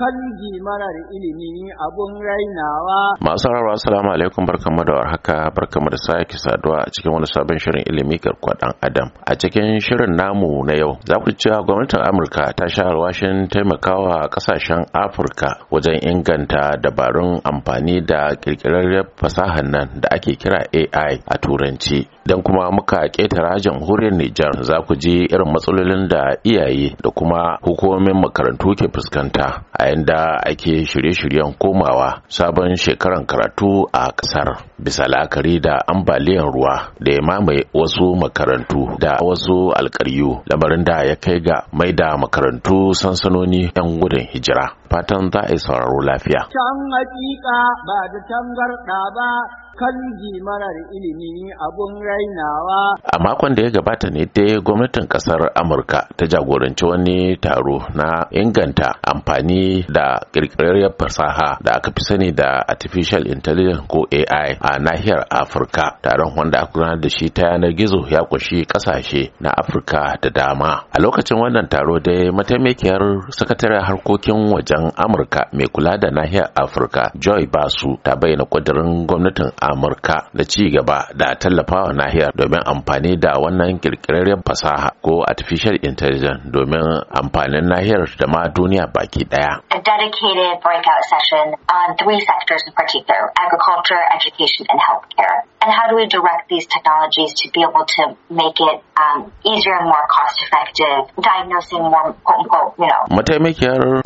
kanji marar ilimi abun rainawa. Masu rarwa salamu alaikum barkamu da warhaka barkamu da sake saduwa a cikin wani sabon shirin ilimi karkuwa dan adam. A cikin shirin namu na yau za ku cewa gwamnatin Amurka ta sha alwashin taimakawa kasashen Afirka wajen inganta dabarun amfani da kirkirarren fasahar nan da ake kira AI a turanci. Dan kuma muka ketara jamhuriyar Nijar za ku ji irin matsalolin da iyaye da kuma hukumomin makarantu ke fuskanta a yayin da ake shirye-shiryen komawa sabon shekaran karatu a kasar bisa la'akari da ambaliyan ruwa da ya mamaye wasu makarantu da wasu alkaryu lamarin da ya kai ga mai da makarantu sansanoni 'yan gudun hijira fatan za a yi sauraro lafiya. Can hakika ba da tangarɗa ba kanji marar ilimi abun rainawa. A makon da ya gabata ne dai gwamnatin ƙasar Amurka ta jagoranci wani taro na inganta amfani da ƙirƙirar fasaha da aka fi sani da artificial intelligence ko AI a nahiyar Afirka. Taron wanda aka gudanar da shi ta yanar gizo ya ƙunshi ƙasashe na Afirka da dama. A lokacin wannan taro dai mataimakiyar sakataren harkokin wajen tsaron amurka mai kula da nahiyar afirka joy basu ta bayyana kudirin gwamnatin amurka da ci gaba da tallafawa nahiyar domin amfani da wannan ƙirƙirarren fasaha ko artificial intelligence domin amfanin nahiyar da ma duniya baki ɗaya. a dedicated breakout session on three sectors in particular agriculture education and healthcare and how do we direct these technologies to be able to make it um, easier and more cost effective diagnosing more quote unquote you know mataimakiyar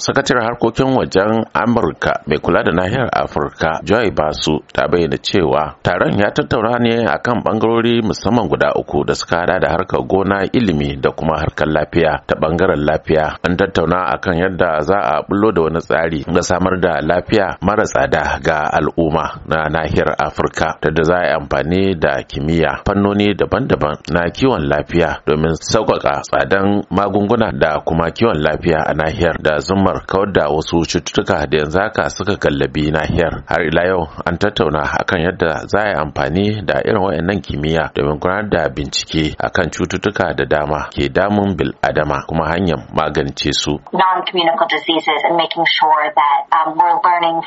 harkokin wajen amurka mai kula da nahiyar afirka joy basu ta bayyana cewa taron ya tattauna ne akan bangarori musamman guda uku da suka hada da harkar gona ilimi da kuma harkar lafiya ta bangaren lafiya an tattauna akan yadda za a bullo da wani tsari ga samar da lafiya mara tsada ga al'umma na nahiyar afirka da za a yi amfani da kimiyya fannoni daban-daban na kiwon lafiya domin sauƙaƙa tsadan magunguna da kuma kiwon lafiya a nahiyar da zumar kawar da wasu cututtuka da yanzu haka suka gallabi nahiyar har ila yau an tattauna akan yadda za a yi amfani da irin wayannan kimiyya domin gudanar da bincike akan cututtuka da dama ke damun bil adama kuma hanyar magance su non diseases and um,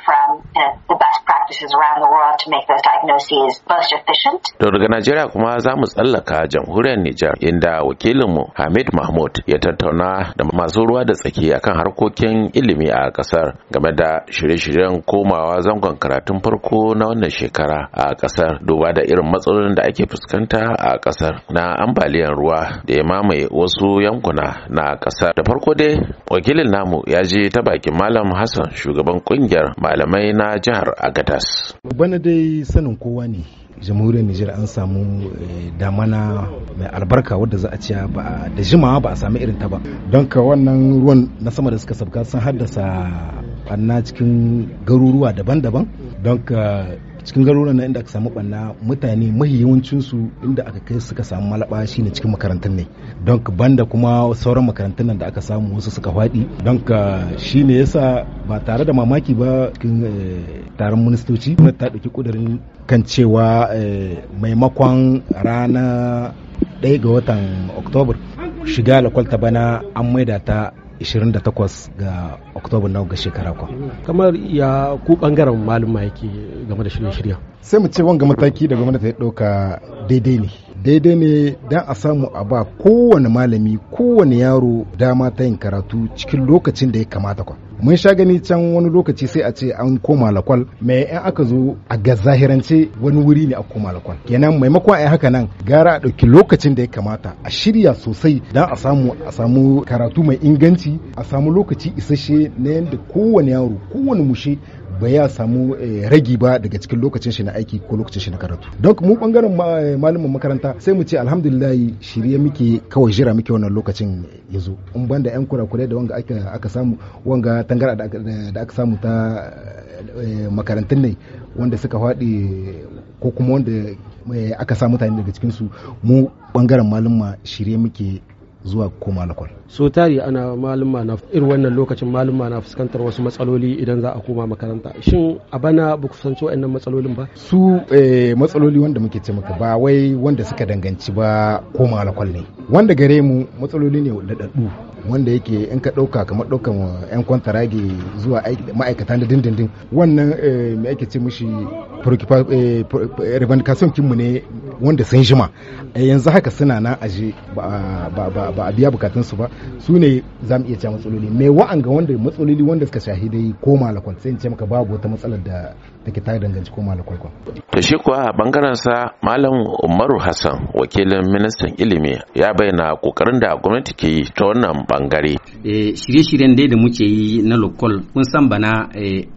from the best practices around the world to make those diagnoses most daga Najeriya kuma za mu tsallaka jamhuriyar Nijar inda wakilinmu Hamid Mahmud ya tattauna da masu ruwa da tsaki akan harkokin ilimi ilimi a kasar game da shirye-shiryen komawa zangon karatun farko na wannan shekara a kasar duba da irin matsalolin da ake fuskanta a kasar na ambaliyar ruwa da ya mamaye wasu yankuna na kasar da farko dai wakilin namu ya je ta bakin malam hassan shugaban kungiyar malamai na jihar agadas bana dai sanin kowa ne jamhuriyar nijar an samu eh, damana mai albarka wadda za a ciya ba da jimawa ba a sami irin ta ba don ka wannan ruwan na sama da suka sabka sun haddasa anna cikin garuruwa daban-daban don ka cikin garuruwan nan inda aka samu banna mutane mahi yawancinsu inda aka kai suka samu malaba shine cikin makarantun ne don banda kuma sauran makarantun nan da aka samu wasu suka faɗi don ka shine yasa ba tare da mamaki ba cikin eh, taron ministoci ta ɗauki ƙudurin kan cewa eh, maimakon rana ɗaya ga watan oktobar shiga lakwalta bana an maida ta 28 ga oktoba na ga shekara kwa kamar ya ku bangaren maluma yake game da shirye shirya sai mu ce wanga mataki da gwamnati ya ɗauka daidai ne daidai ne dan a samu a ba kowane malami kowane yaro dama ta yin karatu cikin lokacin da ya kamata kwa mun sha gani can wani lokaci sai a ce an koma lakwal me in aka zo a ga zahirance wani wuri ne a koma lakwal kenan maimakon a haka nan gara a ɗauki lokacin da ya kamata a shirya sosai don a samu a samu karatu mai inganci a samu lokaci isasshe na yadda kowane yaro kowane mushe ba ya samu eh, ragi ba daga cikin lokacin shi na aiki ko lokacin shi na karatu don mu bangaren eh, malamin makaranta sai mu ce alhamdulillah shirye muke kawai jira muke wannan lokacin yazo. in ban da yan kurakure da wanga aka samu wanga tangara da aka samu ta eh, makarantun ne wanda suka faɗi ko kuma wanda aka sa mutane daga cikin su mu bangaren malama shirye muke zuwa koma lakwal. so tari ana ma na irin wannan lokacin ma na fuskantar wasu matsaloli idan za a koma makaranta shin a bana ba ku fuskanci wa'annan matsalolin ba su eh, matsaloli wanda muke ce maka ba wai wanda suka danganci ba koma lakwal ne wanda gare mu matsaloli ne daɗaɗɗu wanda yake in ka ɗauka kamar ɗaukan yan kwantarage zuwa ma'aikata na dindindin wannan eh, me ake ce mishi Eh, eh, revendication kinmu ne wanda sun jima eh, yanzu haka suna nan aje ba a biya bukatunsu ba su ne za mu iya cewa matsaloli mai wa'anga wanda matsaloli wanda suka shahi dai ko malakwal sai in ce maka babu wata matsalar da take ta danganci ko malakwal kwan. da shi kuwa a bangaren sa malam umaru hassan wakilin ministan ilimi ya bayyana kokarin da gwamnati ke yi ta wannan bangare. shirye-shiryen dai da muke yi na lokal kun san bana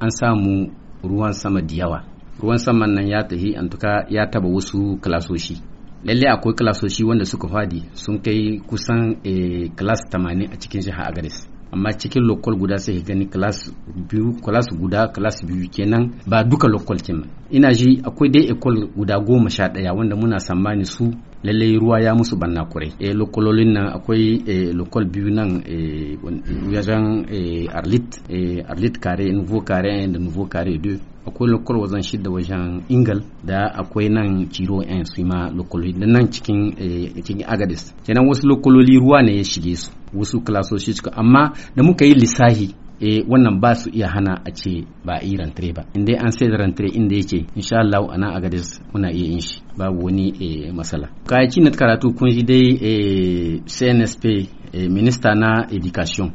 an samu ruwan sama da yawa ruwan saman nan ya tahi an tuka ya taba wasu kilasoshi lalle akwai kilasoshi wanda suka fadi sun kai kusan eh, kilas 80 a cikin jihar agaris amma cikin lokal guda sai ka gani kilas biyu kilas guda kilas biyu kenan ba duka lokal kenan ina ji akwai dai ekol guda goma sha daya wanda muna tsammani su lallai ruwa ya musu banna kurai e eh, lokalolin nan akwai e, eh, lokol biyu nan e, wajen e, arlit e, arlit kare nouveau kare da nouveau kare akwai lokal wajen shida wajen ingal da akwai nan ciro yan su ma lokaloli da nan cikin eh, cikin agadis kenan wasu lokaloli ruwa ne ya shige su wasu klasoshi cika amma da muka yi lissahi eh wannan ba su iya hana a ce ba a yi rantare ba inda an sai da rantare inda yake insha Allah a nan agadis muna iya yin shi babu wani masala. Eh, matsala kayaki na karatu kun ji dai eh, CNSP eh, minista na education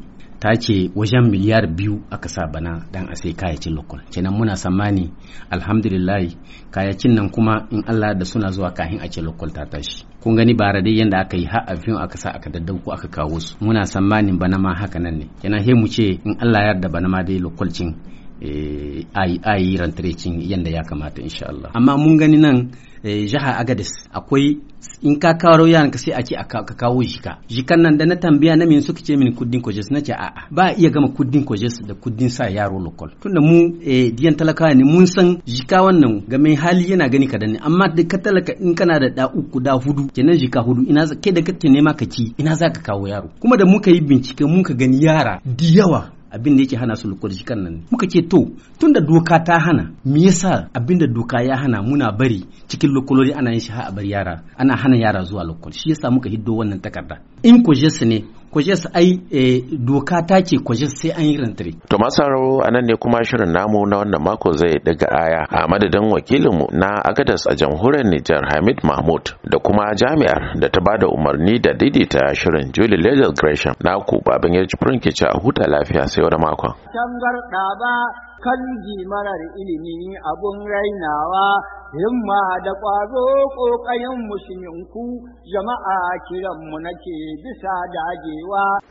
ta ce wajen miliyar biyu aka sa bana dan a sai kayacin lokal kenan muna tsammani alhamdulillah kayacin nan kuma in Allah da suna zuwa kahin a ce lokal ta tashi kun gani bara dai yadda aka yi har a aka sa aka daddauko aka kawo su muna tsammanin bana ma haka nan ne kenan he mu ce in Allah yarda bana ma dai lokal cin Eh, a yi rantare cin yadda ya kamata insha Allah amma mun gani nan eh, jiha agadis akwai in ka kawo yaran ka sai a ce ka kawo jika jikan nan da na tambaya na min suka ce min kuddin kojes na ce a'a ba iya gama kuddin kojes da kuddin sa yaro lokal tunda mu eh, diyan talakawa ne mun san jika wannan game hali yana gani ka ne amma da ka talaka in kana da da uku da hudu kenan jika hudu ina kai da kake nema ka ci ina za ka kawo yaro kuma da muka yi bincike muka gani yara da yawa abin da yake hana su lukur jikan nan muka ce to tunda doka ta hana me yasa abin da doka ya hana muna bari cikin lokololi ana yin shi ha a bar yara ana hana yara zuwa lokol shi yasa muka hiddo wannan takarda in su ne su ai eh, doka ta ce kuje sai an yi rantare. To masararo a nan ne kuma shirin namu na wannan mako zai daga aya a madadin wakilinmu na Agadas a jamhuriyar Nijar Hamid Mahmud da kuma jami'ar da ta bada umarni da daidaita shirin Julie Legal Gresham na ku babin yarji furin a huta lafiya sai wani makon. kanji marar ilimi abun rainawa himma da ƙwazo ƙoƙarin musulminku jama'a kiranmu nake bisa dagewa